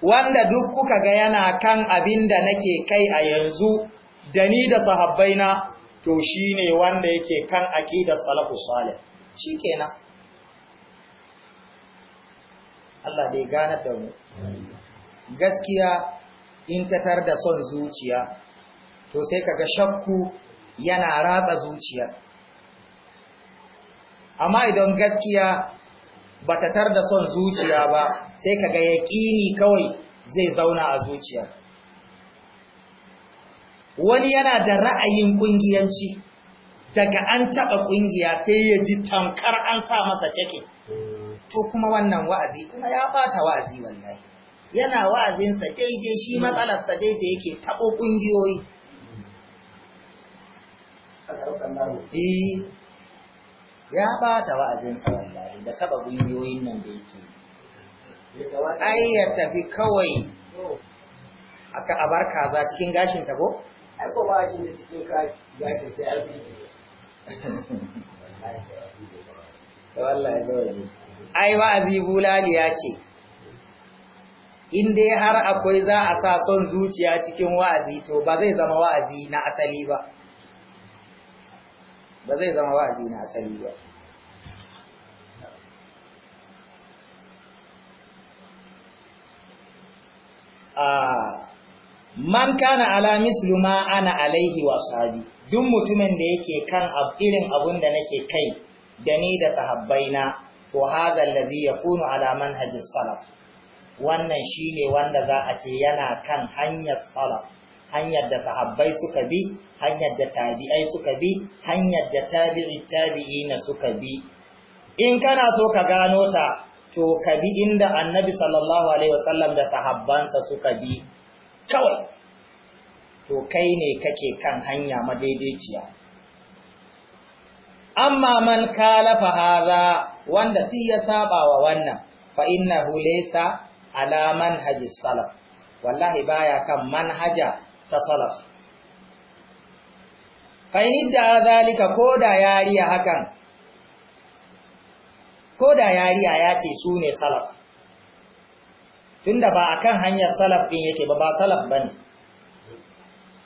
wanda duk kuka ga yana kan abinda nake kai a yanzu da ni da sahabbaina to shine wanda yake kan aqidar salafu salih shikenan Allah dai ganar da mu gaskiya in ka tar da son zuciya to sai kaga shakku yana ratsa zuciya. amma idan gaskiya ba ta tar da son zuciya ba sai kaga yaƙini kawai zai zauna a zuciya. wani yana da ra'ayin ƙungiyanci daga an taɓa ƙungiya sai ya ji tamkar an sa masa cike to kuma wannan wa'azi kuma ya ɓata wa'azi wallahi yana wa'azinsa daidai shi matsalarsa daidai yake taɓo ƙungiyoyi. Eh, ya ɓata wa'azinsa wallahi da taɓa ƙungiyoyin nan da yake. Ai ya tafi kawai aka abar za cikin gashin ta ko? Aiko ba shi da cikin gashin sai alfi. Wallahi zaune. Ai wa'azi bulaliya ce. in dai har akwai za a sa son zuciya cikin wa'azi to ba zai zama wa'azi na asali ba ba zai zama wa'azi na asali ba man kana ala mislu ana alaihi wa duk mutumin da yake kan irin abun da nake kai da ni da sahabbaina to hadha allazi yakunu ala manhajis salaf wannan shine wanda za a ce yana kan hanyar salaf hanyar da sahabbai suka bi hanyar da tabi'ai suka bi hanyar da tabi'i na suka bi in kana so ka gano ta to ka bi inda annabi sallallahu alaihi wasallam da sahabbansa suka bi kawai to kai ne kake kan hanya madaidaiciya amma man kalafa haza wanda fi ya saba wa wannan fa innahu laysa ala manhaji salaf wallahi baya kan manhaja ta salaf fa'in da zalika ko da yariya hakan ko da yariya ya ce su ne salaf tunda ba akan hanyar salaf ɗin yake ba ba salaf bane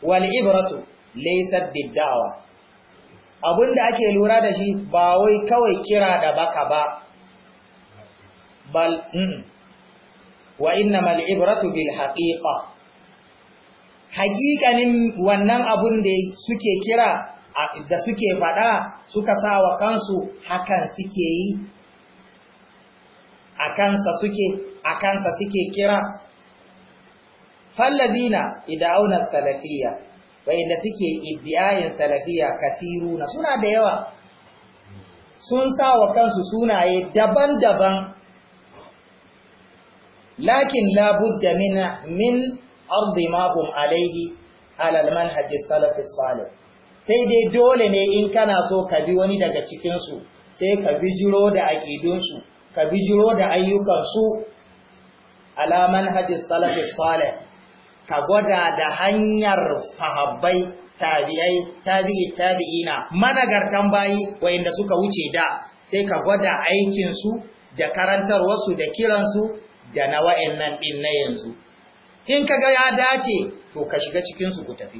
wal ibratu laysat bid da'wa abinda ake lura da shi ba wai kawai kira da baka ba wa mal ibratu bil haqiqa haƙiƙanin wannan abun da suke kira da suke faɗa suka sa wa kansu hakan suke yi a kansa suke akan sa suke kira Fallabina ida'unar salafiya wanda suke iddiyayin salafiya kasiruna suna da yawa sun sa wa kansu sunaye daban-daban lakin labudda mina min ardi ma hum alaihi alal manhaj salaf sai dai dole ne in kana so ka bi wani daga cikin su sai ka bijiro da aƙidunsu, su ka bijiro da ayyukan su ala manhaj salaf salih ka gwada da hanyar sahabbai tabi'ai tabi'i tabi'ina managartan bayi wayanda suka wuce da sai ka gwada aikinsu, su da karantarwarsu da kiransu da na wa'annan ɗin na yanzu in ka ga ya dace to ka shiga cikinsu ku tafi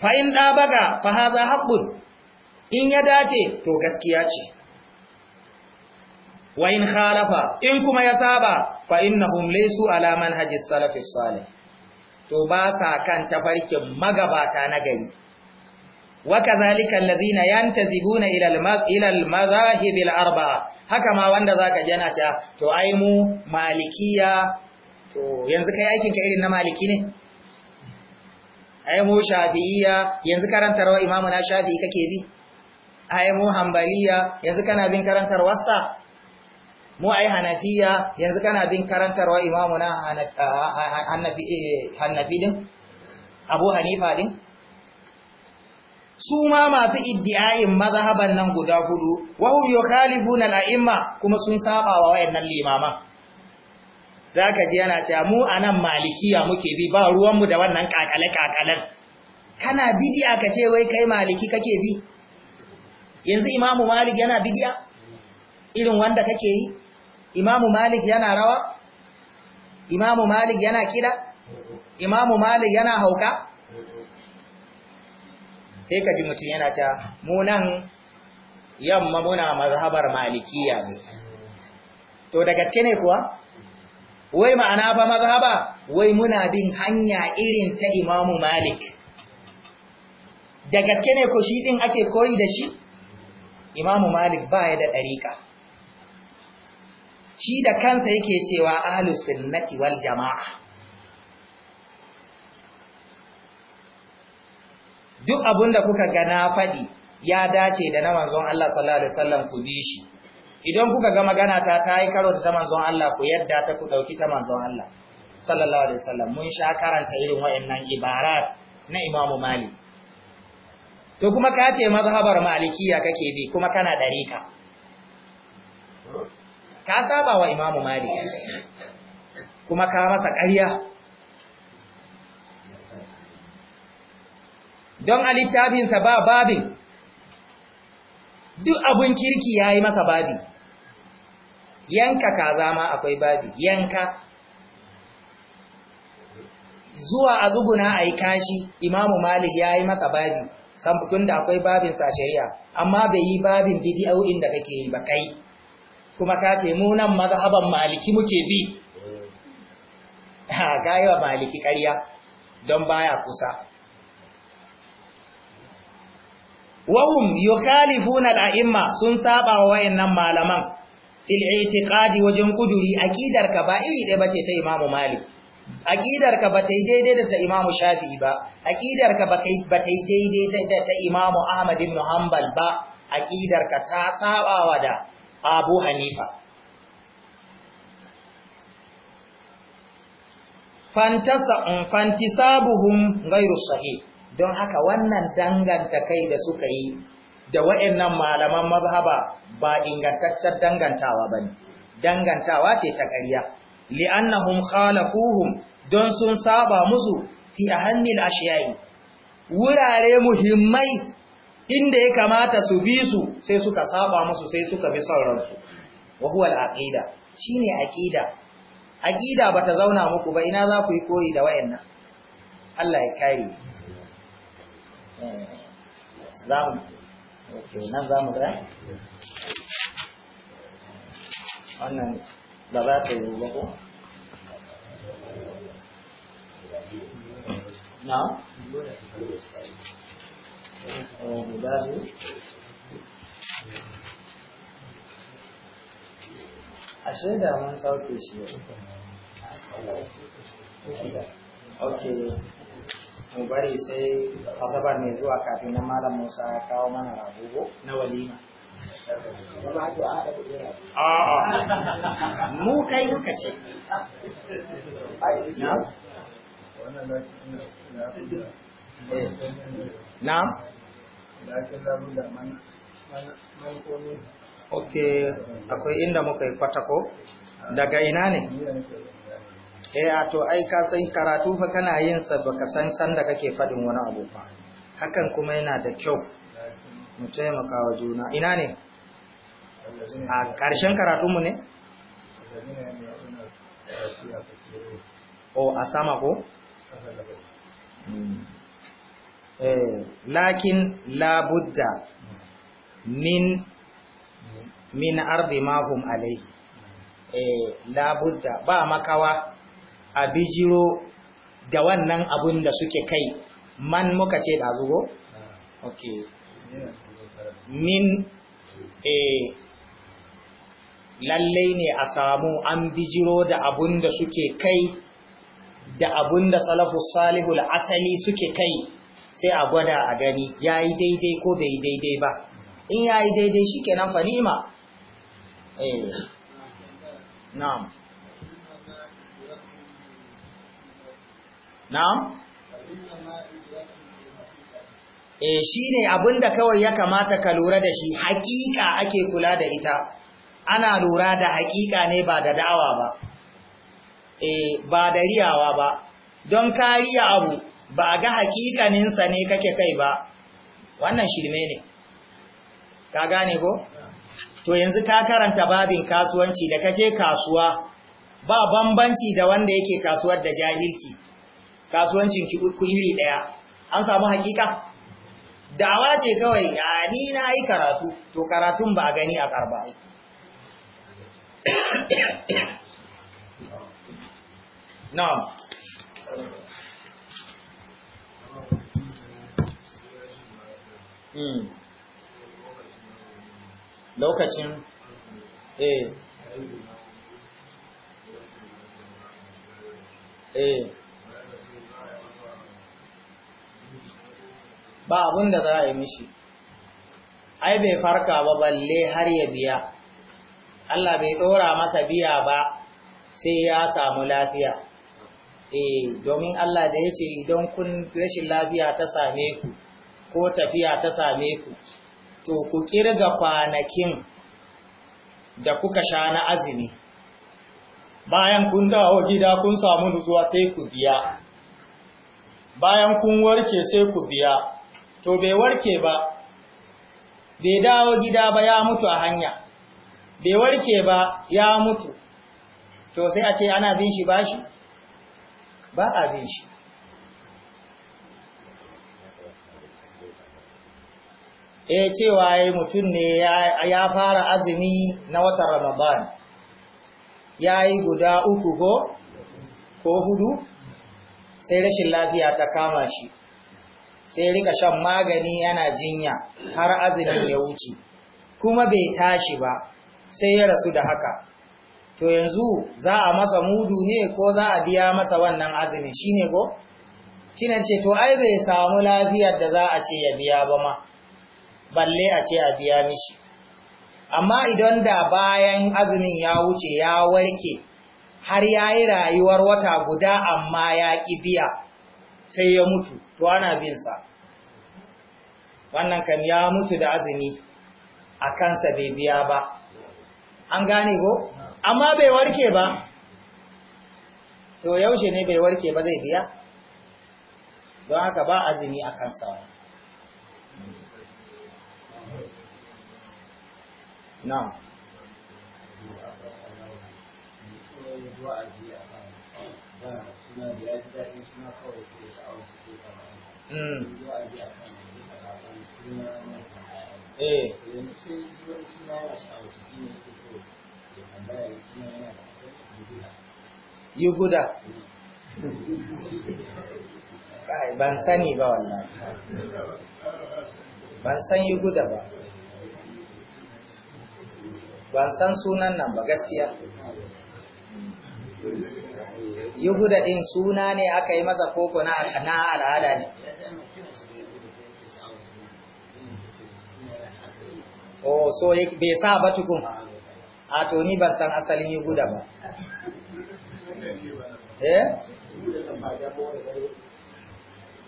fa'in ɗabaga fa haza haƙƙun in ya dace to gaskiya ce wa in khalafa in kuma ya saba fa innahum laysu ala hajji salafis salih to ba sa kan tafarkin magabata na gari وكذلك الذين ينتسبون الى الى المذاهب الاربعه haka ma wanda za ka jana ta. to ai malikiya to yanzu kai aikin ka irin na maliki ne ai mu shafi'iyya yanzu karantarwa imamu na shafi'i kake bi ai hambaliya yanzu kana bin karantarwar sa mu ai hanafiya yanzu kana bin karantarwa imamu na hanafi din abu hanifa din su ma masu iddiayin mazhaban nan guda hudu wa hum yukhalifuna al-a'imma kuma sun saba wa wayannan limama zaka ji yana cewa mu anan malikiya muke bi ba ruwan mu da wannan kakale kakalen kana bid'a kace wai kai maliki kake bi yanzu imamu malik yana bid'a irin wanda kake yi imamu malik yana rawa imamu malik yana kida imamu malik yana hauka sai ka ji mutum yana ta munan yamma muna mazhabar malikiya ne to da gaske ne kuwa wai ma'ana ba mazhaba wai muna bin hanya irin ta imamu malik da gaske ne ko shi din ake koyi da shi imamu malik ba ya da ɗariƙa shi da kansa yake cewa ahlus sunnati wal jama'a duk abin da kuka ga na faɗi ya dace da na manzon Allah sallallahu alaihi wasallam ku bi shi idan kuka ga magana ta ta yi karo da ta manzon Allah ku yadda ta ku dauki ta manzon Allah sallallahu alaihi wasallam mun sha karanta irin wayannan ibarat na Imam Malik to kuma ka ce mazhabar malikiya kake bi kuma kana dariƙa ka saba wa Imam Malik kuma ka masa ƙarya don a littafinsa ba babin duk abun kirki ya yi maka babi yanka kaza zama akwai babi yanka zuwa a zuguna a yi kashi imamu malik ya yi maka babi samfutun da akwai babinsa shari'a amma bai yi babin bidiyoyin da kake yi ba kai kuma ka ce munan mazhaban maliki muke bi eh. ha wa maliki karya, don baya kusa wahum yukhalifuna al-a'imma sun saba wa wayannan malaman fil i'tiqadi wajen kuduri aqidar ka ba iri da bace ta Imam Malik aqidar ka bata daidai da ta Imam Shafi'i ba aqidar ka bata daidai da ta Imam Ahmad ibn Hanbal ba aqidar ka ta sabawa da Abu Hanifa fantasa fantisabuhum ghairu sahih don haka wannan danganta kai da suka yi da wayannan malaman mazhaba ba ingantaccen dangantawa ba ne. dangantawa ce ta ƙarya li'annahum khalaquhum don sun saba musu fi a hannun ashiyayi, wurare muhimmai inda ya kamata su bi su sai suka saba musu sai suka bi sauransu wa huwa shi ne aƙida aƙida ba bata zauna muku ba ina za ku yi koyi da nan? Allah ya kare Zamu, nan za mu ga wannan ba za ta yi ba ko na guda ashe da mun sauke shi ok mu bari sai asabar mai zuwa kafin na malam musa ya kawo mana rabugo na walima mu kai muka ce na ok akwai inda muka yi kwatako daga ina ne eh a to ai ka san karatu fa kana yin sa baka san san da kake fadin wani abu ba hakan kuma yana da kyau mu taimaka wa juna ina ne a ƙarshen karatu mu ne o oh, a sama ko hmm. eh lakin labudda min min ardi ma hum alai eh labudda ba makawa a bijiro da wannan abun da suke kai man muka ce da zugo? ok min eh lallai ne a samu an bijiro da abun da suke kai da abun da salafu salihul asali suke kai sai a gwada a gani ya yi daidai ko bai daidai ba in ya yi daidai shi kenan fa ni'ima eh na'am na'am eh, e abin da kawai ya kamata ka lura da shi hakika ake kula da ita ana lura da hakika ne ba da da'awa ba e ba da riyawa ba don kariya abu ba ga hakikaninsa ne kake kai ba wannan shirme ne ka gane ko to yanzu ka karanta babin kasuwanci da kake kasuwa ba bambanci da wanda yake kasuwar da jahilci kasuwancin ki iri daya an samu hakika da'awa ce kawai ya ni na yi karatu to karatun ba gani a karba na'am hmm. lokacin eh eh ba abin da za a yi mishi ai bai farka ba balle har ya biya Allah bai ɗora masa biya ba sai ya samu lafiya eh domin Allah da ya ce idan kun rashin lafiya ta same ku ko tafiya ta same ku to ku kirga kwanakin da kuka sha na azumi bayan kun dawo gida kun samu nutsuwa sai ku biya bayan kun warke sai ku biya to bai warke ba bai dawo gida ba ya mutu a hanya bai warke ba ya mutu to sai a ce ana bin shi bashi ba a bin shi e cewa ya mutum ne ya fara azumi na wata ramadan ya yi guda uku ko ko hudu sai rashin lafiya ta kama shi sai rika shan magani yana jinya har azumin ya wuce kuma bai tashi ba sai ya rasu da haka to yanzu za a masa mudu ne ko za a biya masa wannan azumin shine ko kina ce to ai bai samu lafiyar da za a ce ya biya ba ma balle a ce a biya mishi amma idan da bayan azumin ya wuce ya warke har yayi rayuwar wata guda amma ya ƙi biya sai ya mutu to ana bin sa wannan kan ya mutu da azumi a kansa bai biya ba an gane ko amma bai warke ba to yaushe ne bai warke ba zai biya don haka ba azumi a kansa na Hmm. Eh. yi guda ban sani ba wallahi ban san yi guda ba ban san sunan nan ba gaskiya yi guda din suna ne aka yi maza koko na al'ada ne oh so bai sa ba tukun a ah, to ni ban san asalin yi guda ba eh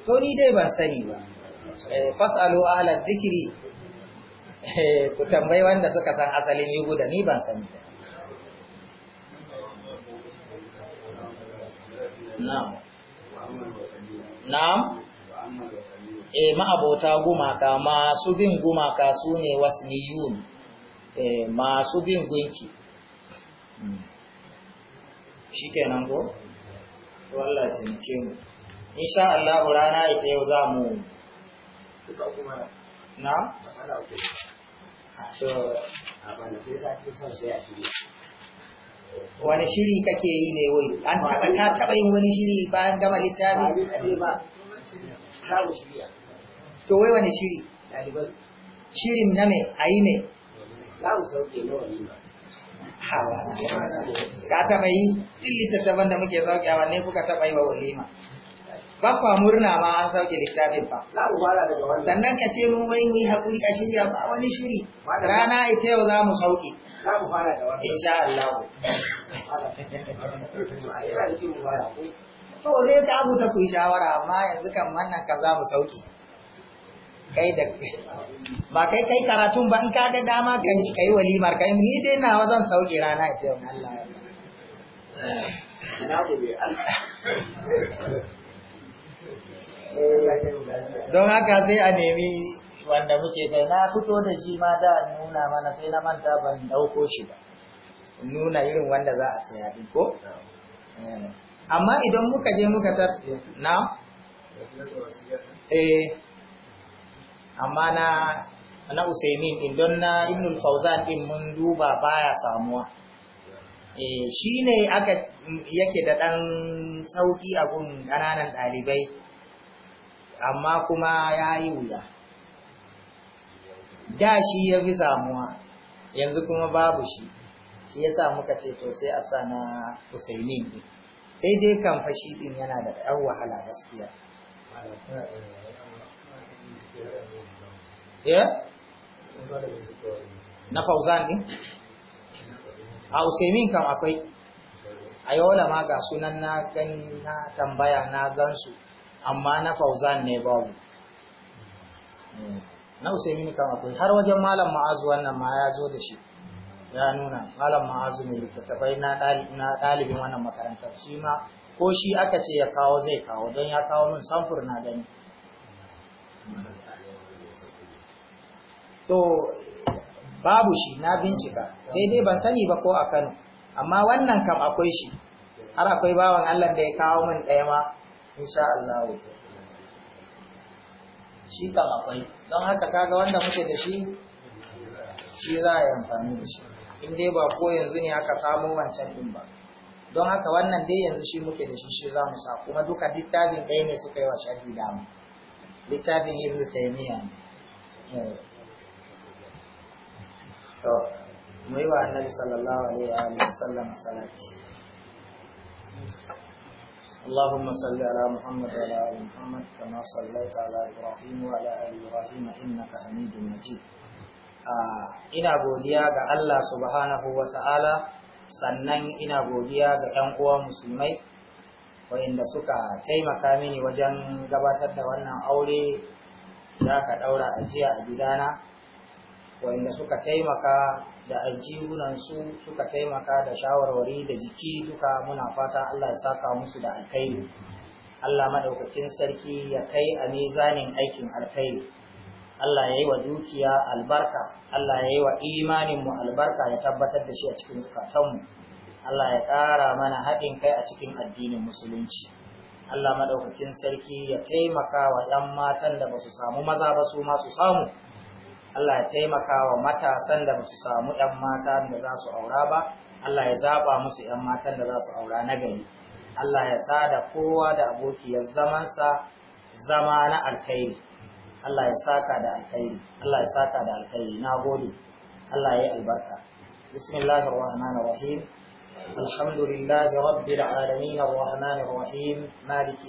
to ni dai ban sani ba eh, fasalu ahla zikiri eh, ku tambayi wanda suka san asalin yi guda ni ban sani ba na'am na'am e ma'abota gumaka masu bin gumaka su ne wasniyun e eh, masu bin gunki hmm. shi kenan ko? wallah ke mu insha Allah rana ita yau za mu na? wani shiri kake yi ne wai an taɓa yin wani shiri bayan gama littafi? ba to wai wani shiri shirin na me a yi me hawa ka taɓa yi ɗin littattafan da muke sauƙewa ne kuka taɓa yi wa walima ba kwa murna ma an sauƙi littafin ba. Sannan ka ce mun wai mu yi haƙuri a shirya ba wani shiri. Rana ita yau za mu sauke. Insha Allah. To zai ta abuta ku yi shawara amma yanzu kan wannan ka za mu sauƙi. kai da ba kai kai karatun ba in ka ga dama kai shi kai walimar kai ni dai na zan sauke rana ce yau? Allah ya don haka sai a nemi wanda muke kai na fito da shi ma da nuna mana sai na manta ban dauko shi ba nuna irin wanda za a saya din ko eh. amma idan muka je muka tar na eh amma na na Usaimin din don na ibnul al-Fawzan din mun duba baya samuwa eh shine aka yake da ɗan sauƙi a ƙananan ɗalibai, dalibai amma kuma yayi wuya da shi ya fi samuwa yanzu kuma babu shi shi yasa muka ce to sai a sa na Usaimin din sai dai kan fashi din yana da ɗan wahala gaskiya Eh? na fauzan din? a usaimin kam akwai a yola ma ga sunan na gani na tambaya na gansu amma na fauzan ne babu eh, na usaimin kam akwai har wajen malam ma'azu wannan ma ya zo da shi ya nuna malam ma'azu ne littattafai na ɗalibin wannan makarantar shi ma ko shi aka ce ya kawo zai kawo don ya kawo min samfur na gani to babu shi na bincika sai dai ban sani ba ko a Kano amma wannan kam akwai shi har akwai bawan Allah da ya kawo min ɗaya ma insha Allah shi kam akwai don haka kaga wanda muke da shi shi za a yi amfani da shi in dai ba ko yanzu ne aka samu wancan din ba don haka wannan dai yanzu shi muke da shi shi za mu sa kuma duka littafin ɗaya ne suka yi wa shafi mu, littafin yin taymiya ne to mu yi wa annabi sallallahu alaihi wa alihi sallam salati اللهم صل على محمد وعلى ال محمد كما صليت على ابراهيم وعلى ال ابراهيم انك حميد مجيد ina godiya ga Allah subhanahu wa ta'ala sannan ina godiya ga ‘yan uwa musulmai wayanda suka taimaka mini wajen gabatar da wannan aure da aka ɗaura a a gidana wanda suka taimaka da aljihunansu suka taimaka da shawarwari da jiki duka muna fata Allah ya saka musu da alkhairi Allah madaukakin sarki ya kai a mizanin aikin alkhairi Allah ya yi wa dukiya albarka Allah ya yi wa imaninmu albarka ya tabbatar da shi a cikin zukatanmu Allah ya ƙara mana haɗin kai a cikin addinin musulunci Allah madaukakin sarki ya taimaka wa 'yan matan da ba su samu maza ba su ma su samu Allah ya taimaka wa matasan da su samu 'yan matan da za su aura ba, Allah ya zaɓa musu 'yan matan da za su aura na gari. Allah ya sa da kowa da abokiyar zamansa zama na alkhairi. Allah ya saka da alkhairi, Allah ya saka da alkairi. na gode, Allah ya yi albarka. Bismillahir Rahmanir Rahim. Alhamdulillahi Rabbil Alamin Ar-Rahmanir Rahim, Maliki